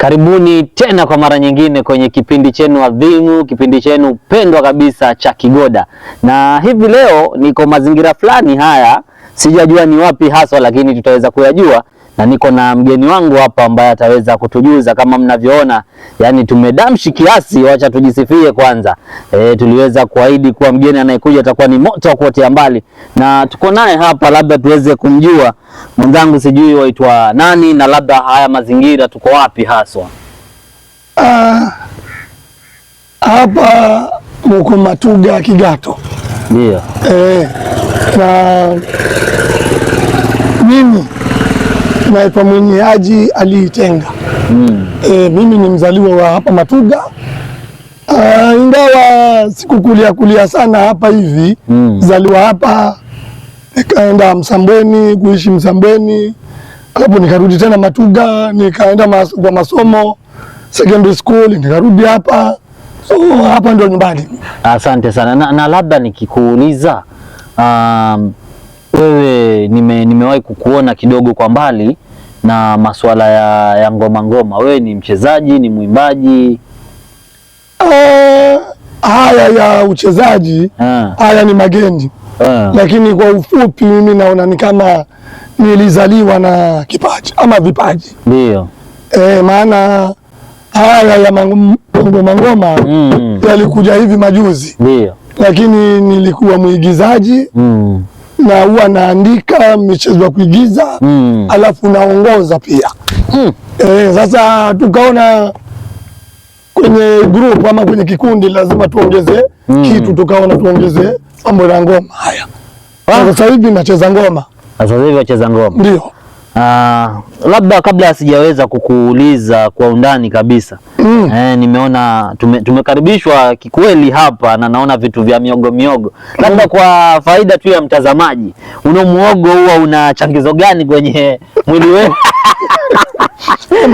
Karibuni tena kwa mara nyingine kwenye kipindi chenu adhimu, kipindi chenu pendwa kabisa cha Kigoda. Na hivi leo niko mazingira fulani haya, sijajua ni wapi haswa, lakini tutaweza kuyajua na niko na mgeni wangu hapa ambaye ataweza kutujuza kama mnavyoona, yani tumedamshi kiasi, wacha tujisifie kwanza. E, tuliweza kuahidi kuwa mgeni anayekuja atakuwa ni moto wa kuotea mbali, na tuko naye hapa, labda tuweze kumjua mwenzangu, sijui waitwa nani, na labda haya mazingira tuko wapi haswa? Uh, hapa muko Matuga Kigato, ndio eh, na mimi naitwa mwenyeaji aliitenga mm. E, mimi ni mzaliwa wa hapa Matuga uh, ingawa sikukulia kulia sana hapa hivi mm. zaliwa hapa nikaenda Msambweni kuishi Msambweni, hapo nikarudi tena Matuga, nikaenda mas kwa masomo secondary school, nikarudi hapa so hapa ndio nyumbani. Asante sana na, na labda nikikuuliza um, wewe nime, nimewahi kukuona kidogo kwa mbali na masuala ya, ya ngoma ngoma. Wewe ni mchezaji, ni mwimbaji? Uh, haya ya uchezaji ah. Haya ni magenji ha. Ah. Lakini kwa ufupi mimi naona ni kama nilizaliwa na kipaji ama vipaji ndio. E, maana haya ya ngoma ngoma mm. yalikuja hivi majuzi ndio, lakini nilikuwa mwigizaji mm na huwa naandika michezo ya kuigiza mm. alafu naongoza pia mm. E, sasa tukaona kwenye group ama kwenye kikundi lazima tuongeze mm. kitu, tukaona tuongeze mambo ya ngoma haya. Ah. Sasa hivi nacheza ngoma, sasa hivi nacheza ngoma ndio Ah, labda kabla sijaweza kukuuliza kwa undani kabisa mm. Eh, nimeona tume, tumekaribishwa kikweli hapa na naona vitu vya miogo miogo mm. Labda kwa faida tu ya mtazamaji, una muogo huwa una changizo gani kwenye mwili wetu?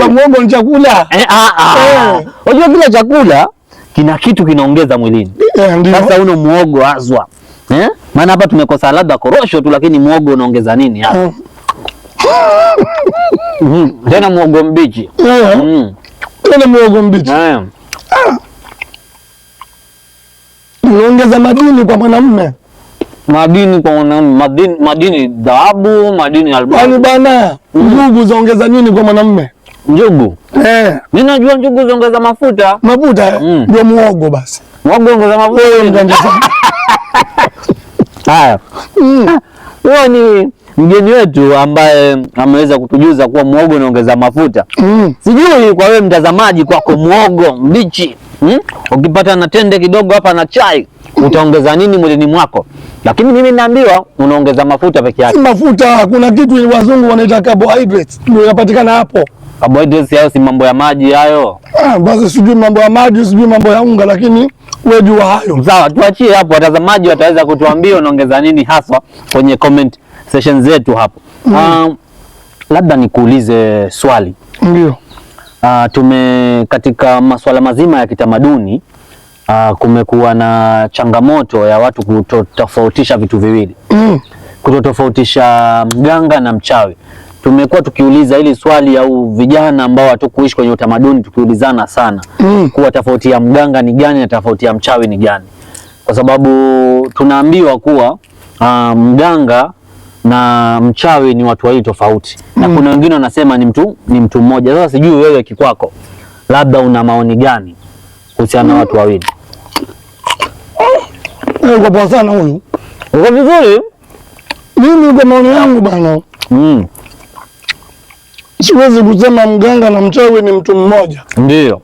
Muogo ni chakula. Eh, ah, ah. Eh. Unajua kila chakula kina kitu kinaongeza mwilini. Eh, Sasa uno muogo azwa eh? Maana hapa tumekosa labda korosho tu, lakini muogo unaongeza nini hapa? Mm-hmm. tena mwogo mbichi, mm-hmm. tena mwogo mbichi. Unaongeza ah. madini kwa mwanamume, madini kwa mwanamume, madini dhahabu, madini albamu bana. Mm-hmm. Njugu zaongeza nini kwa mwanamume? Njugu mimi eh. najua njugu zaongeza mafuta, mafuta mm. ndio mwogo. Basi mwogo ongeza mafuta. Haya, mm. ah, wewe ni mgeni wetu ambaye ameweza kutujuza kuwa muhogo unaongeza mafuta mm. Sijui kwa wewe mtazamaji, kwako muhogo mbichi mm? ukipata na tende kidogo hapa na chai utaongeza nini mwilini mwako? Lakini mimi naambiwa unaongeza mafuta peke yake. Si mafuta, kuna kitu wazungu wanaita carbohydrates ndio inapatikana hapo. Carbohydrates hayo si mambo ya maji hayo. Ah, basi sijui mambo ya maji, sijui mambo ya unga, lakini wewe hayo. Sawa, tuachie hapo, watazamaji wataweza kutuambia unaongeza nini haswa kwenye comment session zetu hapo mm. Uh, labda nikuulize swali ndio. Uh, tume katika masuala mazima ya kitamaduni uh, kumekuwa na changamoto ya watu kutotofautisha vitu viwili mm. kutotofautisha mganga na mchawi. Tumekuwa tukiuliza hili swali au vijana ambao hatukuishi kwenye utamaduni tukiulizana sana mm. kuwa tofauti ya mganga ni gani na tofauti ya mchawi ni gani, kwa sababu tunaambiwa kuwa uh, mganga na mchawi ni watu wawili tofauti mm. na hmm. kuna wengine wanasema ni mtu ni mtu mmoja. Sasa sijui wewe kikwako, labda una maoni gani kuhusiana na mm. watu wawili? Yuko eh, eh, poa sana huyu, uko vizuri. Mimi kwa maoni yangu bana mm. siwezi kusema mganga na mchawi ni mtu mmoja, ndio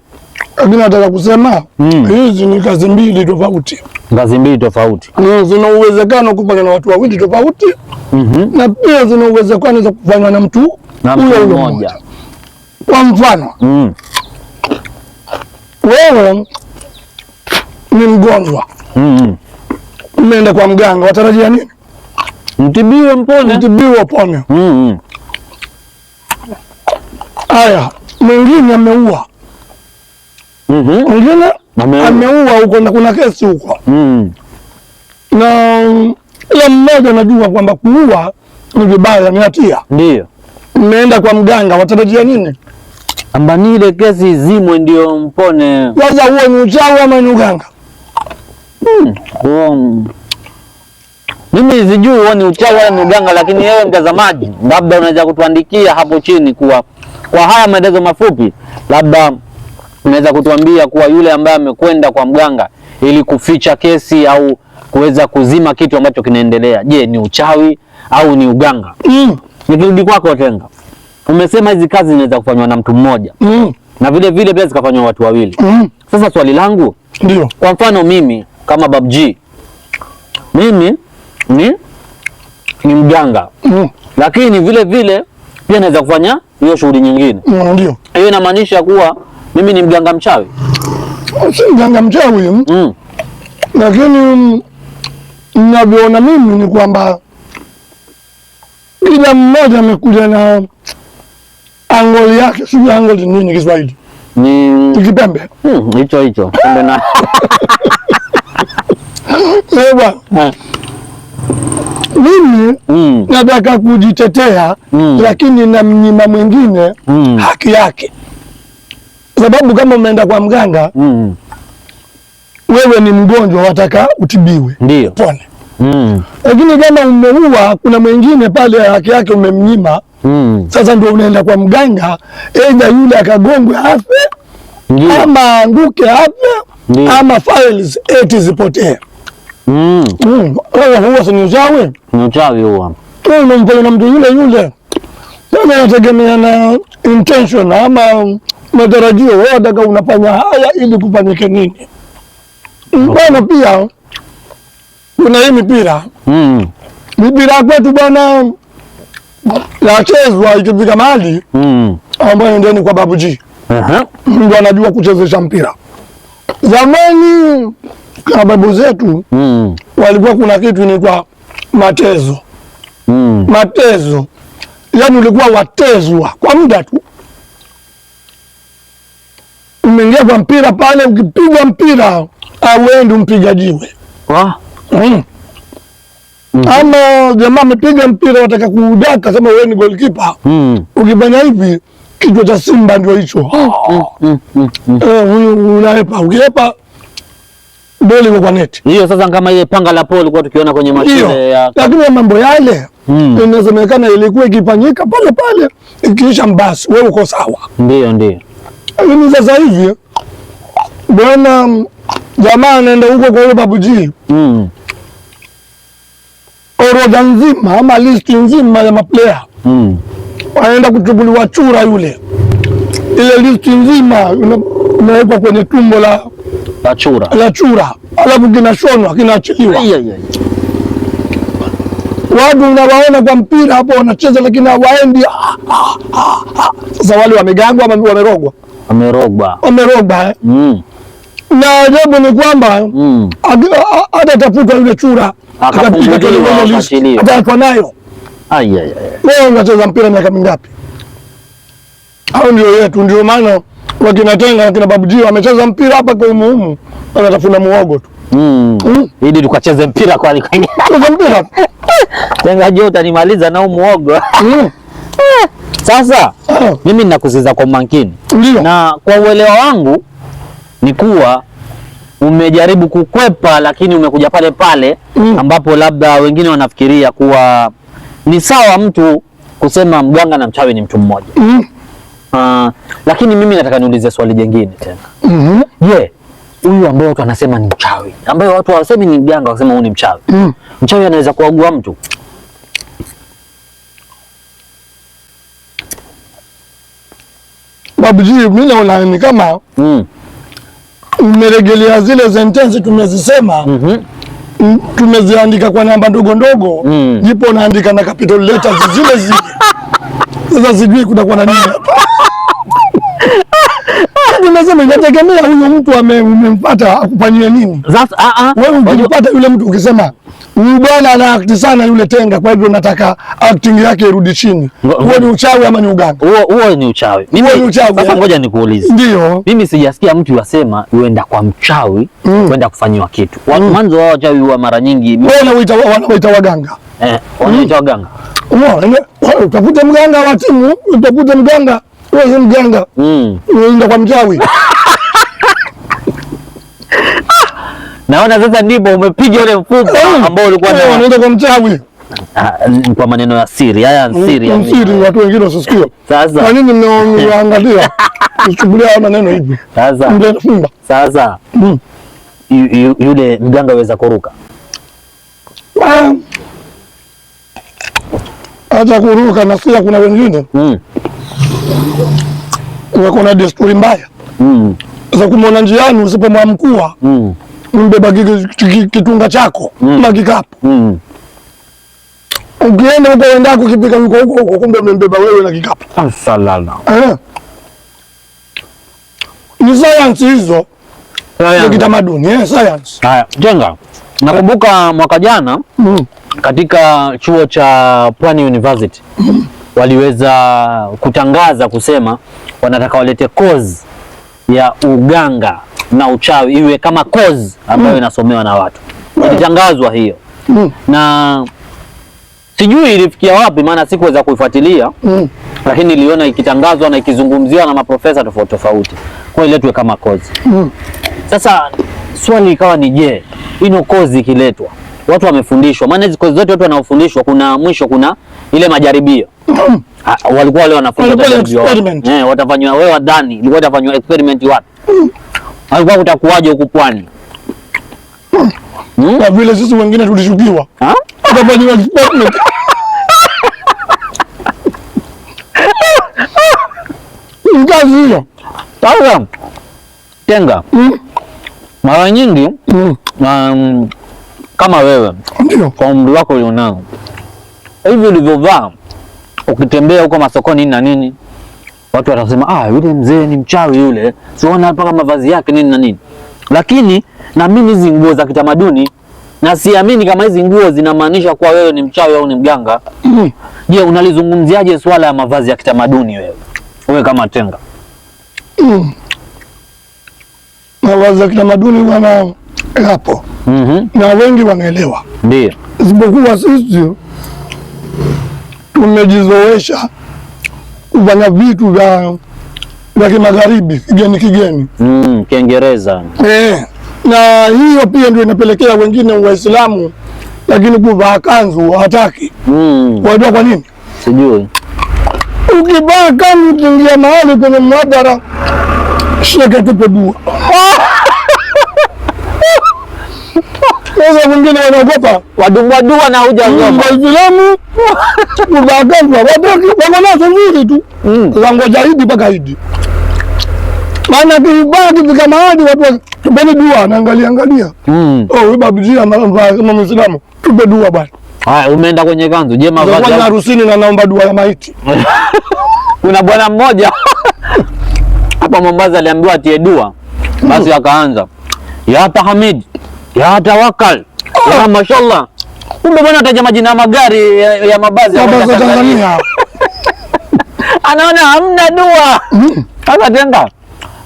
lakini nataka kusema mm. hizi mm. ni kazi mbili tofauti, kazi mbili tofauti mm, zina uwezekano kufanywa na watu wawili tofauti mm -hmm. na pia zina uwezekano za kufanywa na mtu huyo huyo mmoja. Kwa mfano mm. wewe ni mgonjwa mm -hmm. umeenda kwa mganga, watarajia nini? Mtibiwe mpone, mtibiwe pone. Mm-hmm. Haya, mm -hmm. mwingine ameua mm -hmm. ameua huko na kuna kesi huko mm na ila mmoja najua kwamba kuua ni vibaya, ni hatia. Ndio mmeenda kwa mganga, watarajia nini? Ambani ile kesi zimwe ndio mpone. Waza huo ni uchawi ama ni uganga? Hmm, Mimi sijui huo ni uchawi wala ni uganga, lakini wewe mtazamaji, labda unaweza kutuandikia hapo chini kuwa kwa haya maelezo mafupi, labda unaweza kutuambia kuwa yule ambaye amekwenda kwa mganga ili kuficha kesi au kuweza kuzima kitu ambacho kinaendelea, je, ni uchawi au ni uganga? Mm. Nikirudi kwako Tenga, umesema hizi kazi zinaweza kufanywa na mtu mmoja mm. na vile vile pia zikafanywa watu wawili mm. Sasa swali langu ndio, kwa mfano mimi kama Babji, mimi ni ni mganga mm. lakini vile vile pia naweza kufanya hiyo shughuli nyingine mm, ndio hiyo inamaanisha kuwa mimi ni mganga mchawi? Oh, si mganga mchawi mm. Lakini mm, ninavyoona mimi ni kwamba kila mmoja amekuja na angoli yake, sijui angoli nini Kiswahili ni kipembe mm, hicho hicho pembe na eh, bwana eh. mimi mm. nataka kujitetea mm. lakini mnyima mwingine mm. haki yake sababu kama umeenda kwa mganga mm. wewe ni mgonjwa, wataka utibiwe, ndio pone mm. Lakini kama umeua, kuna mwingine pale haki yake umemnyima mm. Sasa ndio unaenda kwa mganga, eja yule akagongwe afe ama aanguke afe ama files eti zipotee. Mm. Mm. Huwa si ni uchawi? Ni uchawi huwa. na mtu yule yule, tena inategemea na intention ama matarajio wataka unafanya haya ili kufanyike nini? Bwana, pia kuna hii mipira mm. mipira kwetu bwana yachezwa ikifika mahali mm. ambayo endeni kwa babuji uh -huh. ndio anajua kuchezesha mpira. Zamani kwa babu zetu mm. walikuwa kuna kitu inaitwa matezo mm. matezo, yaani ulikuwa watezwa kwa muda tu umeingia kwa mpira pale, ukipigwa mpira auendi mpiga jiwe mm. Mm. Ama jamaa amepiga mpira, wataka kuudaka, sema wewe ni goalkeeper mm. Ukifanya hivi kichwa cha simba ndio hicho mm, mm, mm, eh, huyu, unaepa. Ukiepa boli kwa neti hiyo. Sasa kama ile panga la poli kwa tukiona kwenye mashine ya, lakini mambo yale mm. inasemekana ilikuwa ikifanyika pale pale, ikiisha mbasi wewe uko sawa, ndio ndio lakini sasa hivi bwana jamaa anaenda huko kwa yule babujii mm. Orodha nzima ama listi nzima ya maplaya mm. Anaenda kuchubuliwa chura yule, ile listi nzima inawekwa kwenye tumbo la la chura, la chura alafu kinashonwa kinaachiliwa. Watu unawaona kwa mpira hapo wanacheza, lakini hawaendi. Ah, ah, ah, sasa wale wamegangwa ama wamerogwa Amerogwa. Amerogwa. Mm. Na ajabu ni kwamba mm. hata taputwa yule chura ataachwa nayo. Leo unacheza mpira miaka mingapi? Au ndio yetu, ndio maana wakina Tenga wakina Babujio wamecheza mpira hapa kwa umuhumu, wanatafuna muogo tu mm. Mm. ili tukacheze mpira kwa mpira Tenga jota nimaliza na umuogo Sasa mimi ninakusikiza kwa umakini na kwa uelewa wangu ni kuwa umejaribu kukwepa, lakini umekuja pale pale mm, ambapo labda wengine wanafikiria kuwa ni sawa mtu kusema mganga na mchawi ni mtu mmoja mm. Uh, lakini mimi nataka niulize swali jingine tena mm -hmm. Je, yeah, huyu ambaye watu wanasema ni mchawi, ambayo watu hawasemi ni mganga, wanasema huyu ni mchawi mm, mchawi anaweza kuagua mtu Babuji, mimi naona ni kama mm. umeregelea zile sentensi tumezisema mhm. mm -hmm tumeziandika kwa namba ndogo ndogo mm. Jipo naandika na capital letters zile zile. Sasa sijui kutakuwa na nini hapa sababu nasema inategemea huyo mtu umempata akufanyia nini. Sasa ah, ah. wewe ukimpata yule mtu ukisema huyu bwana ana act sana yule tenga, kwa hivyo nataka acting yake irudi chini, huo ni uchawi ama ni uganga? Huo ni uchawi. Sasa ngoja nikuulize. Ndio mimi sijasikia mtu yasema uenda kwa mchawi mm. kufanyiwa kitu mm. mwanzo wao wachawi huwa mara nyingi wanaoita waganga eh, wanaoita mm. waganga, utakuta mganga wa timu, utakuta mganga wewe si mjanga. Mm. Unaenda kwa mchawi. Naona sasa ndipo umepiga ule mfupa mm. ambao ulikuwa na Unaenda kwa mchawi. Ah, kwa maneno ya siri. Haya ni mm, siri. Mm, ni siri watu wengine wasisikie. Sasa. Kwa nini mnaangalia? Kuchukulia haya maneno hivi. Sasa. Mfumba. Sasa. Mm. Yule mganga weza kuruka. Acha ah. kuruka na sio kuna wengine. Mm kuweko kuna desturi mbaya mm. za kumwona njiani usipomwamkua mm. mbeba kitunga chako mm. makikapu mm. ukienda huko wendako kipika huko huko, kumbe mmembeba wewe na kikapu eh. ni sayansi hizo za kitamaduni eh, sayansi haya. Jenga, nakumbuka mwaka jana mm. katika chuo cha Pwani University mm waliweza kutangaza kusema wanataka walete kozi ya uganga na uchawi iwe kama kozi ambayo mm. inasomewa mm. na watu ilitangazwa hiyo mm. na sijui ilifikia wapi, maana sikuweza kuifuatilia mm. lakini niliona ikitangazwa na ikizungumziwa na maprofesa tofauti tofauti, kwa iletwe kama kozi mm. Sasa swali ikawa ni je, ino kozi ikiletwa watu wamefundishwa, maana hizo kozi zote watu wanaofundishwa, kuna mwisho, kuna ile majaribio walikuwa wale wanafundishwa experiment eh, watafanywa wewe wadhani ilikuwa watafanywa experiment wapi? alikuwa utakuwaje huku pwani? Hmm? Hmm? Kwa vile sisi wengine tulishukiwa tutafanywa experiment kazi hiyo. Sasa tenga hmm? mara nyingi um, kama wewe ndio kwa umri wako ulionao hivi ulivyovaa, ukitembea huko masokoni na nini, watu watasema ah, yule mzee ni mchawi yule, siona hapa kama mavazi yake nini na nini. Lakini naamini hizi nguo za kitamaduni, na siamini kama hizi nguo zinamaanisha kuwa wewe ni mchawi au ni mganga. Mm. Je, unalizungumziaje swala ya mavazi ya kitamaduni wewe, wewe kama Tenga? Mm. mavazi ya kitamaduni bwana, yapo mm -hmm. na wengi wanaelewa, ndio isipokuwa sisi tumejizoesha kufanya vitu vya vya kimagharibi kigeni kigeni, mm, Kiingereza eh, na hiyo pia ndio inapelekea wengine Waislamu lakini kuvaa kanzu hawataki. mm. Wajua kwa nini? Sijui. Ukivaa kanzu ukiingia mahali kwenye mwadhara, sheketupedua Sasa mwingine wanaogopa wadumwadua na hujaogopa mm, Waislamu kubakafa wakonazo vizuri tu wangoja mm. Idi mpaka Idi, maana kibaki kama hadi watu tupeni dua, naangalia angalia mm. oh, babjia kama Muislamu tupe dua bwana. Haya, umeenda kwenye kanzu je, mavazi ya harusini na naomba dua ya maiti. Kuna bwana mmoja hapa Mombasa aliambiwa atie dua, basi akaanza ya Ya ya tawakal oh. ya mashallah kumbe bwana ataja majina ya magari ya, ya mabazi ya Tanzania, Tanzania. anaona hamna dua mm. sasa mm. tenda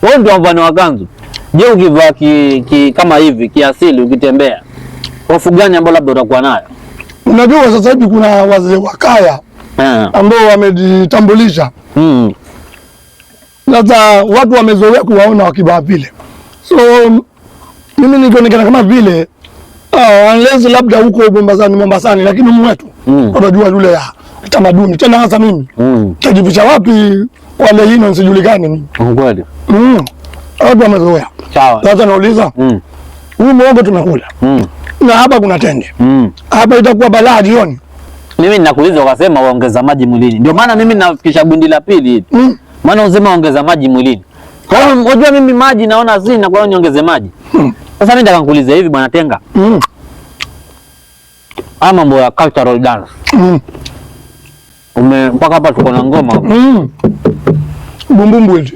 wewe ndio mfano wa kanzu. Je, ukivaa ki, ki, kama hivi kiasili ukitembea, hofu gani ambayo labda utakuwa nayo? Unajua sasa hivi kuna wazee wa kaya ah. ambao wamejitambulisha hmm. sasa, watu wamezoea kuwaona wakivaa vile so mimi nikionekana kama vile ah, unless labda huko Mombasani Mombasani, lakini mwetu mm. yule ya tamaduni tena. Hasa mimi mm. tajificha wapi kwa lehino nsijulikane mimi oh, kweli, mm. watu wamezoea. Sasa nauliza mm. huyu muhogo tumekula mm. na hapa kuna tende mm. hapa, itakuwa balaa jioni. Mimi ninakuuliza ukasema waongeza maji mwilini, ndio maana mimi nafikisha gundi la pili, hili mm. maana unasema waongeza maji mwilini. Kwa hiyo unajua mimi maji naona zina, kwa hiyo niongeze maji mm. Sasa mimi nataka nikuulize hivi bwana Tenga. Mm. Ama mambo ya cultural dance. Mm. Ume mpaka hapa tuko na ngoma. Mm. Bumbumbu hizi.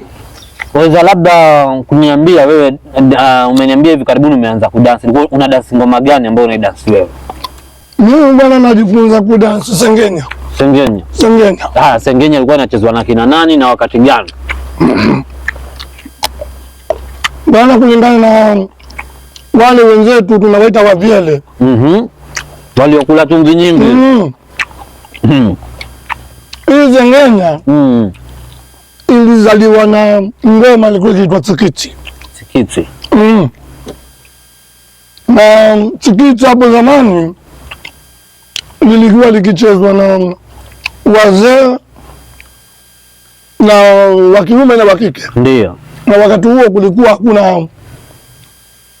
Waweza labda kuniambia wewe, uh, umeniambia hivi karibuni umeanza kudansi. Una dansi ngoma gani ambayo unaidansi wewe? Mimi bwana najifunza kudansi sengenya. Sengenya. Sengenya. Ah, sengenya ilikuwa inachezwa na kina nani na wakati gani? Bwana kulingana na wale wenzetu tunawaita wavyele mm -hmm. waliokula tumbi nyingi mm -hmm. hizi ngenya mm -hmm. ilizaliwa na ngoma ilikuwa ikiitwa tikiti tsikiti mm. na tikiti hapo zamani lilikuwa likichezwa na wazee na wakiume na wakike, ndio. Na wakati huo kulikuwa hakuna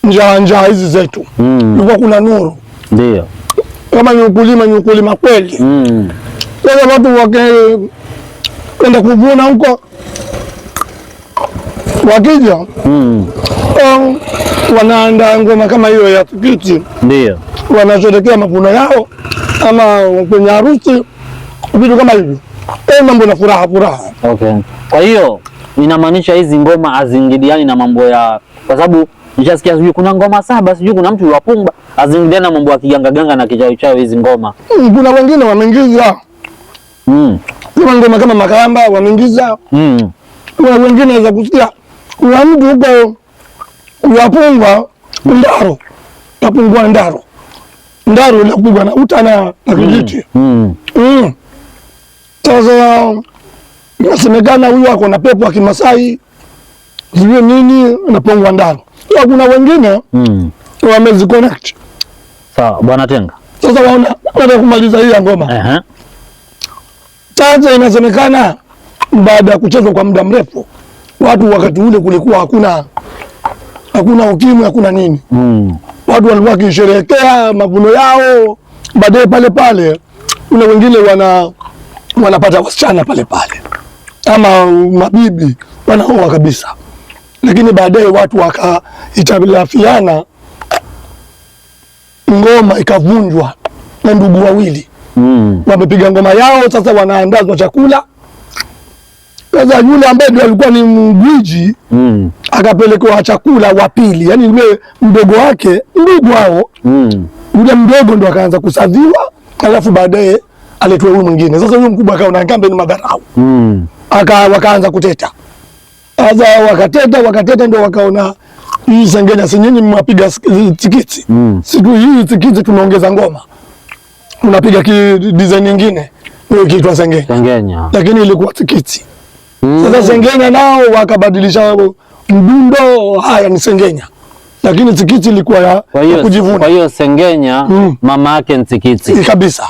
njaa njaa hizi zetu mm. kuna nuru ndio kama ni ukulima kweli mm. Sasa watu wakenda kuvuna huko wakija mm. Um, wanaandaa ngoma kama hiyo ya tikiti ndio wanasherekea mavuno yao, ama kwenye harusi, vitu kama hivi e, mambo na furaha furaha. Okay, kwa hiyo inamaanisha hizi ngoma haziingiliani na mambo ya kwa sababu Nishasikia sijui kuna ngoma saba, sijui kuna mtu wapumba azingiana mambo ya kiganga ganga na kichawi chawi hizi ngoma. Mm, kuna wengine wameingiza. Mm. Kuna ngoma kama makamba wameingiza. Mm. Kuna wengine za kusikia kuna mtu huko wapumba ndaro. Yapungua ndaro. Ndaro ile kubwa na uta na na hmm. kijiti. Mm. Mm. Sasa mm. nasemekana huyu ako na pepo ya Kimasai. Sijui nini anapongwa ndaro pia kuna wengine mm. wameziconnect. Sawa bwana Tenga, sasa waona, nataka kumaliza hii ngoma uh -huh. Sasa inasemekana baada ya kuchezwa kwa muda mrefu, watu wakati ule kulikuwa hakuna hakuna ukimwi hakuna nini mm. watu walikuwa wakisherehekea mavuno yao, baadaye pale pale kuna wengine wana wanapata wasichana pale pale, ama mabibi wanaoa kabisa lakini baadaye watu wakahitilafiana, ngoma ikavunjwa na ndugu wawili mm. wamepiga ngoma yao, sasa wanaandazwa chakula. Sasa yule ambaye ndio alikuwa ni mgwiji mm. akapelekewa chakula wa pili, yaani yule mdogo wake ndugu hao mm. yule mdogo ndo akaanza kusadhiwa, alafu baadaye aletwe huyu mwingine. Sasa huyu mkubwa akaona kambe ni madharau mm. aka wakaanza kuteta aza wakateta wakateta, ndio wakaona hii sengenya, si nyinyi mwapiga tikiti mm. siku hii tikiti tunaongeza ngoma, unapiga ki design nyingine hiyo kiitwa sengenya. Sengenya lakini ilikuwa tikiti mm. Sasa sengenya nao wakabadilisha mdundo, haya ni sengenya lakini tikiti ilikuwa ya kujivuna. Kwa hiyo sengenya mm. mama yake ni tikiti kabisa.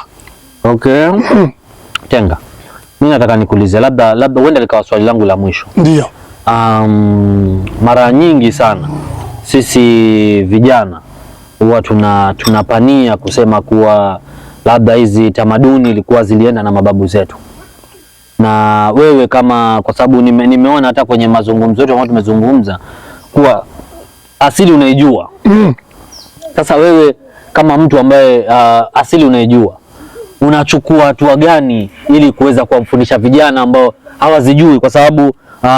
Okay mm. Tenga, mimi nataka nikuulize, labda labda uende likawa swali langu la mwisho, ndio um, mara nyingi sana sisi vijana huwa tuna tunapania kusema kuwa labda hizi tamaduni ilikuwa zilienda na mababu zetu, na wewe kama, kwa sababu nime, nimeona hata kwenye mazungumzo yetu ambayo tumezungumza kuwa asili unaijua. Mm. Sasa wewe kama mtu ambaye uh, asili unaijua, unachukua hatua gani ili kuweza kuwafundisha vijana ambao hawazijui? Kwa sababu Uh,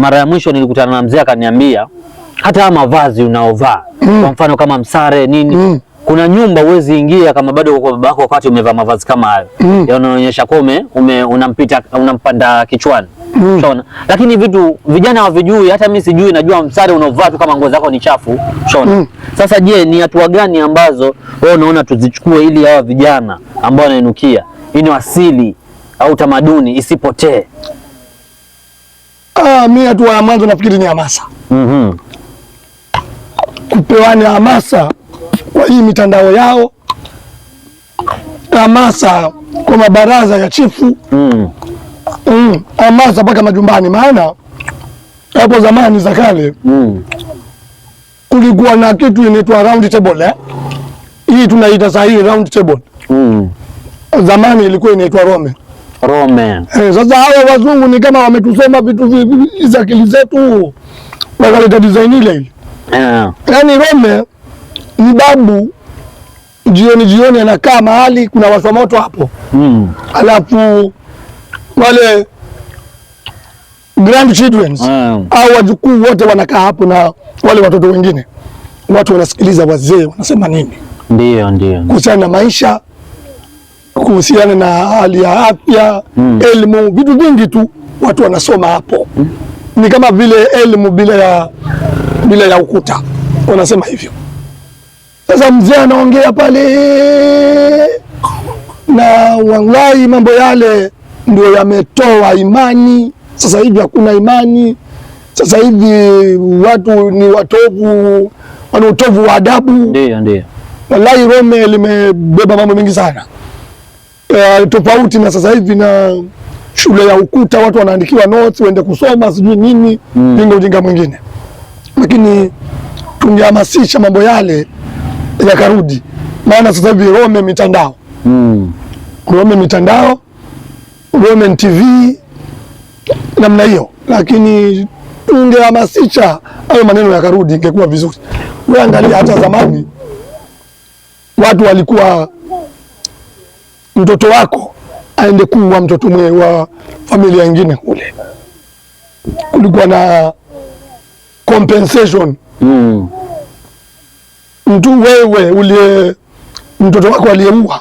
mara ya mwisho nilikutana na mzee akaniambia hata mavazi unaovaa mm. kwa mfano kama msare nini mm. kuna nyumba uwezi ingia kama bado kwa yako wakati umevaa mavazi kama hayo mm. yanaonyesha yaani kwa ume, unampita unampanda kichwani mm. lakini vitu vijana hawavijui, hata mimi sijui, najua msare unaovaa tu kama nguo zako ni chafu shona mm. Sasa je, ni hatua gani ambazo wewe unaona tuzichukue ili hawa vijana ambao wanainukia ino asili au tamaduni isipotee? Ah, mimi hatua ya mwanzo nafikiri ni hamasa. Mhm. Mm, kupewana hamasa kwa hii mitandao yao, hamasa kwa mabaraza ya chifu mm. Mm, hamasa mpaka majumbani, maana hapo zamani za kale mm. kulikuwa na kitu inaitwa round table eh? Hii tunaita sahii round table mm. Zamani ilikuwa inaitwa Rome Rome. Eh, sasa hawa wazungu ni kama wametusoma vitu za akili zetu wakaleta design ile ile. Yeah. Yaani Rome ni babu jioni jioni anakaa mahali kuna wasa moto hapo. Mm. Alafu wale grandchildren yeah, au wajukuu wote wanakaa hapo na wale watoto wengine, watu wanasikiliza wazee wanasema nini, ndio ndio kuhusiana na maisha kuhusiana na hali ya afya mm. elimu, vitu vingi tu watu wanasoma hapo mm. ni kama vile elimu bila ya, bila ya ukuta, wanasema hivyo. Sasa mzee anaongea pale, na wallahi mambo yale ndio yametoa imani. Sasa hivi hakuna imani, sasa hivi watu ni watovu, wana utovu wa adabu. Ndio, ndio, wallahi Rome limebeba mambo mengi sana uh, tofauti na sasa hivi na shule ya ukuta, watu wanaandikiwa notes waende kusoma sijui nini mm. Jinga ujinga mwingine, lakini tungehamasisha mambo yale yakarudi, maana sasa hivi Rome mitandao mm. Rome mitandao Rome TV namna hiyo, lakini tungehamasisha hayo maneno yakarudi, ingekuwa vizuri. Wewe angalia hata zamani watu walikuwa mtoto wako aende kuwa mtoto mwe wa familia nyingine kule. Kulikuwa na compensation mm. Mtu wewe uliye mtoto wako aliyeua,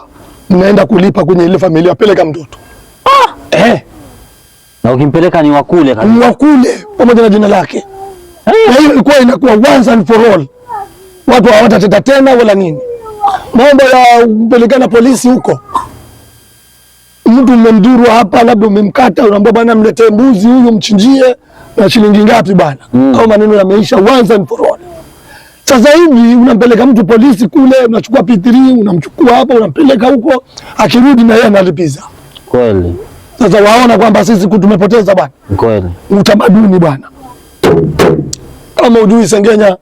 mnaenda kulipa kwenye ile familia, peleka mtoto ah. Eh. Na ukimpeleka ni wakule kabisa, wakule pamoja na jina lake. Eh. Na hiyo ilikuwa inakuwa once and for all, watu hawatateta tena wala nini, mambo ya kupelekana polisi huko mtu mmemdhuru hapa, labda umemkata, unaambia bwana, mletee mbuzi huyu mchinjie na shilingi ngapi bwana, mm. au maneno yameisha once and for all. Sasa hivi unampeleka mtu polisi kule, unachukua P3 unamchukua hapa, unampeleka huko, akirudi na yeye analipiza. Kweli. Sasa waona kwamba sisi tumepoteza bwana. Kweli. Utamaduni bwana, kama ujui Sengenya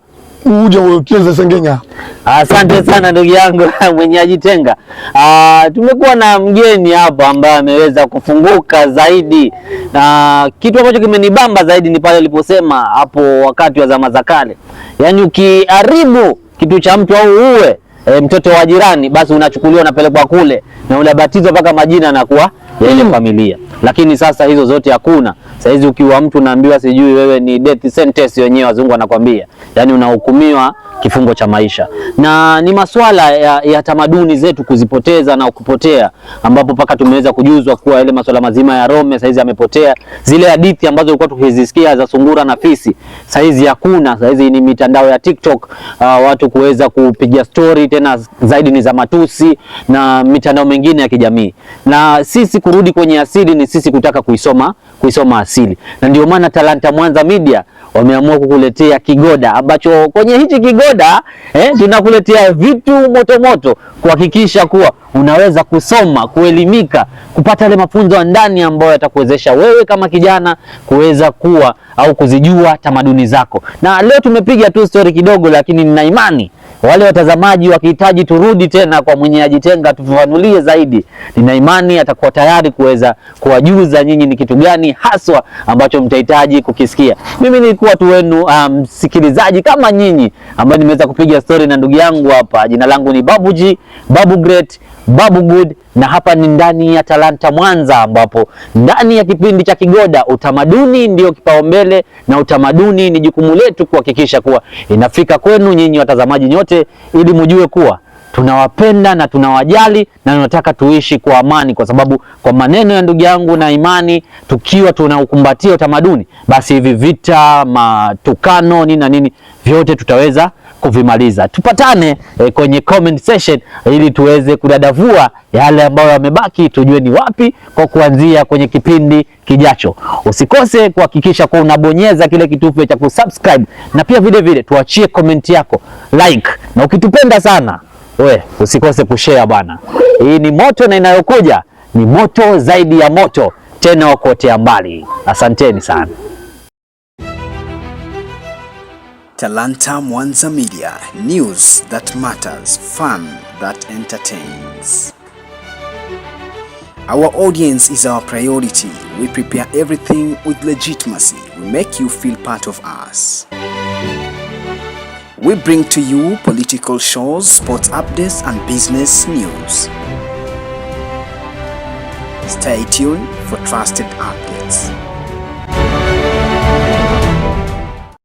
uja uwekeze sengenya. Asante sana ndugu yangu mwenye ajitenga. Ah, tumekuwa na mgeni hapa ambaye ameweza kufunguka zaidi, na kitu ambacho kimenibamba zaidi ni pale aliposema hapo wakati wa zama za kale, yaani ukiharibu kitu cha mtu au uwe e, eh, mtoto wa jirani, basi unachukuliwa unapelekwa kule na unabatizwa mpaka majina anakuwa yenye yaani yaani mm. familia, lakini sasa hizo zote hakuna. Sasa Saizi ukiwa mtu unaambiwa sijui wewe ni death sentence, wenyewe wazungu wanakwambia, yani unahukumiwa kifungo cha maisha, na ni masuala ya, ya tamaduni zetu kuzipoteza na kupotea, ambapo mpaka tumeweza kujuzwa kuwa ile masuala mazima ya Rome sasa hizi yamepotea. Zile hadithi ambazo tulikuwa tukizisikia za sungura na fisi sasa hizi hakuna. Sasa hizi ni mitandao ya TikTok, uh, watu kuweza kupiga story tena zaidi ni za matusi na mitandao mingine ya kijamii na sisi kurudi kwenye asili ni sisi kutaka kuisoma, kuisoma asili, na ndio maana Talanta Mwanza Media wameamua kukuletea kigoda ambacho kwenye hichi kigoda eh, tunakuletea vitu motomoto kuhakikisha kuwa unaweza kusoma, kuelimika, kupata yale mafunzo ya ndani ambayo yatakuwezesha wewe kama kijana kuweza kuwa au kuzijua tamaduni zako. Na leo tumepiga tu stori kidogo, lakini nina imani wale watazamaji wakihitaji turudi tena kwa mwenye ajitenga tufafanulie zaidi, nina imani atakuwa tayari kuweza kuwajuza nyinyi ni kitu gani haswa ambacho mtahitaji kukisikia. Mimi nilikuwa tu wenu ah, msikilizaji um, kama nyinyi ambaye nimeweza kupiga stori na ndugu yangu hapa. Jina langu ni Babuji Babu Great. Babu Good na hapa ni ndani ya Talanta Mwanza, ambapo ndani ya kipindi cha Kigoda utamaduni ndio kipaumbele na utamaduni ni jukumu letu kuhakikisha kuwa inafika kwenu nyinyi watazamaji nyote, ili mjue kuwa tunawapenda na tunawajali na tunataka tuishi kwa amani, kwa sababu kwa maneno ya ndugu yangu na imani, tukiwa tunaukumbatia utamaduni, basi hivi vita, matukano, nini na nini, vyote tutaweza kuvimaliza. Tupatane eh, kwenye comment section ili tuweze kudadavua yale ambayo yamebaki, tujue ni wapi kwa kuanzia kwenye kipindi kijacho. Usikose kuhakikisha kwa unabonyeza kile kitufe cha kusubscribe, na pia vile vile tuachie comment yako like, na ukitupenda sana we usikose kushare bwana. Hii ni moto na inayokuja ni moto zaidi ya moto, tena wakuotea mbali. Asanteni sana. Talanta Mwanza Media, news that matters, fun that entertains. Our audience is our priority. We prepare everything with legitimacy. We make you feel part of us. We bring to you political shows, sports updates, and business news. Stay tuned for trusted updates.